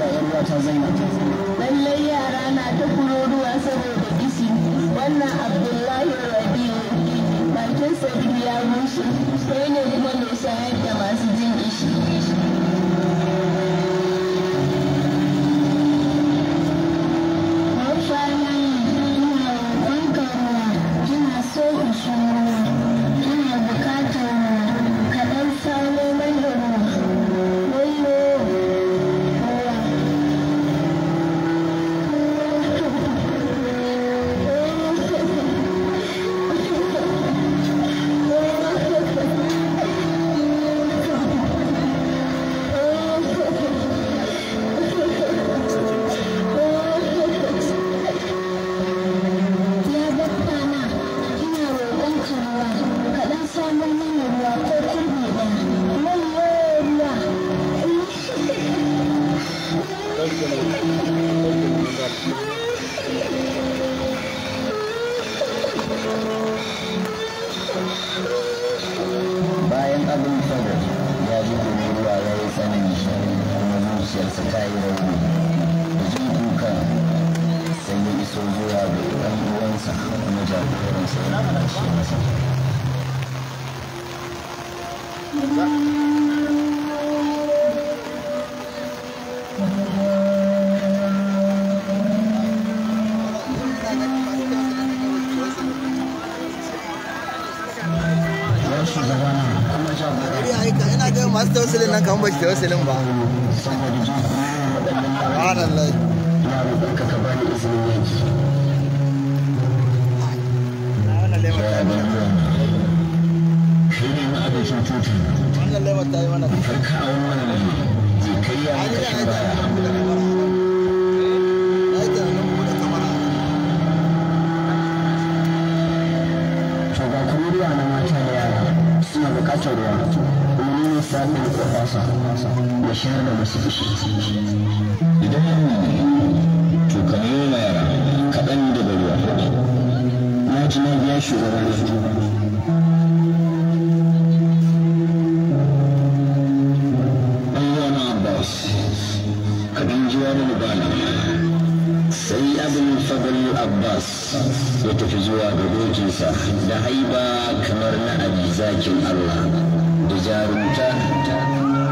‘yan wata zainab. Lallai yara na ta kuroruwa saboda isi wannan Abdullahi Rabi'u bakin sa ya rushe sai ne kuma da ruwa ya yi tsanin shi kuma zuciyarsa ta yi rauni da jin dukan sai ya iso zuwa ga ɗan uwansa kuma jagoransa ya shi masa masu tausilin nan kamar ba shi ba subhanallah wannan lemar ta samun kwafasa da shayar da masu fushi idan yana ne to ka nuna yara kaɗan da ruwa na ji na biya shugaban da sai abin fadl abbas ya tafi zuwa ga dokinsa da haiba kamar na abin zakin allah jarumta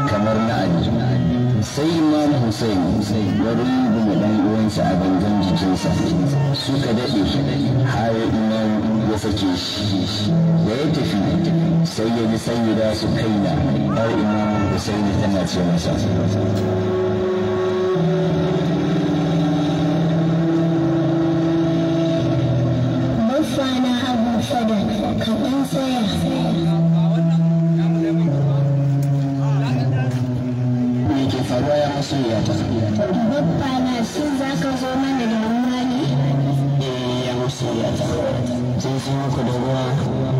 kamar na Ali sai Imam Hussein wani buga dan uwansa a gangan jikinsa suka daɗe har Imam ya sake shi da ya tafi sai ya ji da su kaina har Imam Hussein tana ce masa Mafana Abu Fadal, ka ɗan tsaya zai zo da ruwa Allah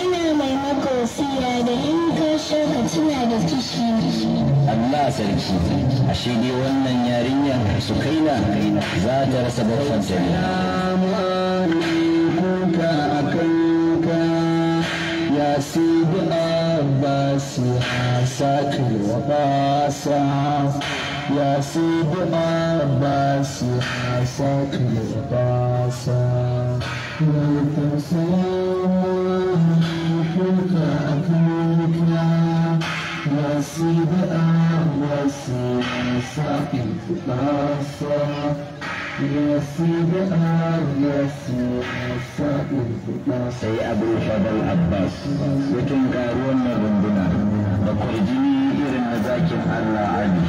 ina mai maka wasiya da in ka da kishi Allah sarki ashe dai wannan yarinyar su kaina za ta rasa babban jami'a سيد أباس حساك وقاسا يا سيدنا عباس عساك العباس ليت سلامه حلك أكلك يا سيدنا عباس عساك العباس sai abu fadal abbas cikin karuwan na runduna da kwarjini na zakin Allah Ali.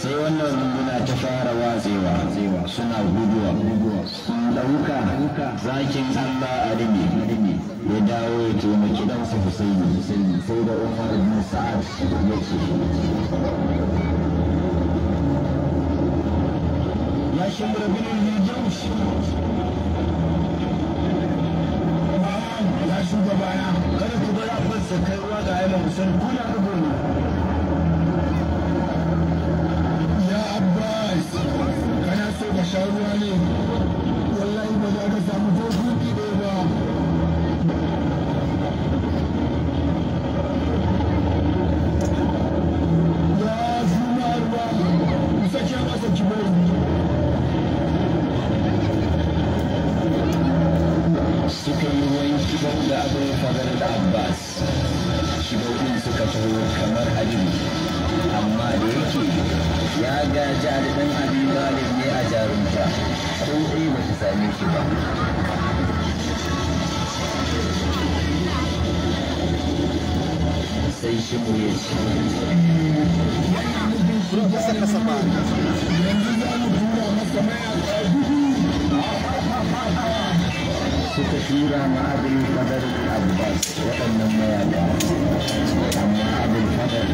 sai wannan runguna ta fara watsewa suna guduwa sun ɗauka zakin allah arimi ya dawo ya taimaki dansa husaini sai da umar bin sa'ad ya ce ya shi sai kai wa ga Aiman Hussein kula ka gona taho kamar ajin amma da yake ya ga jarumin abin malin ne a jarumta ko ɗaya ba ta same shi ba sai shi mu ya ci yanzu za mu tura masa suka tura ma abin fadar abbas waɗannan mayaka amma abin fadar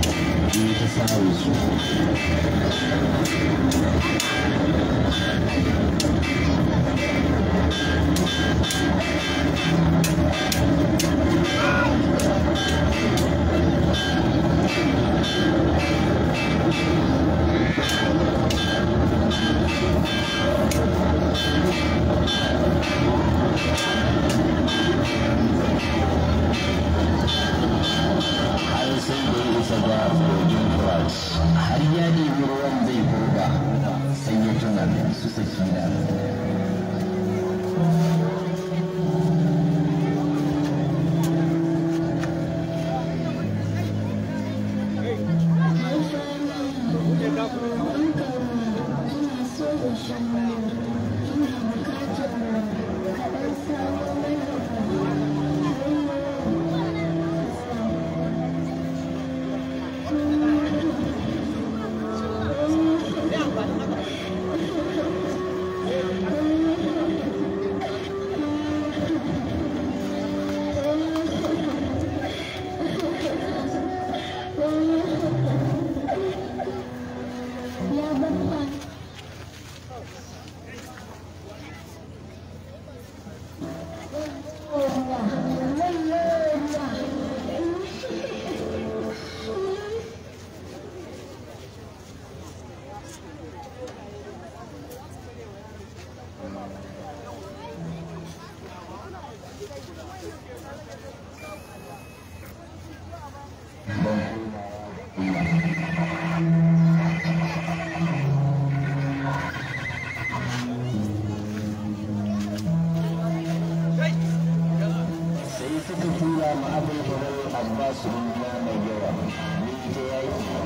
ne ta samu su abbas ruwa mai yawa ni ta yayi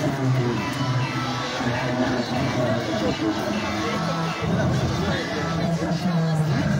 Thank you.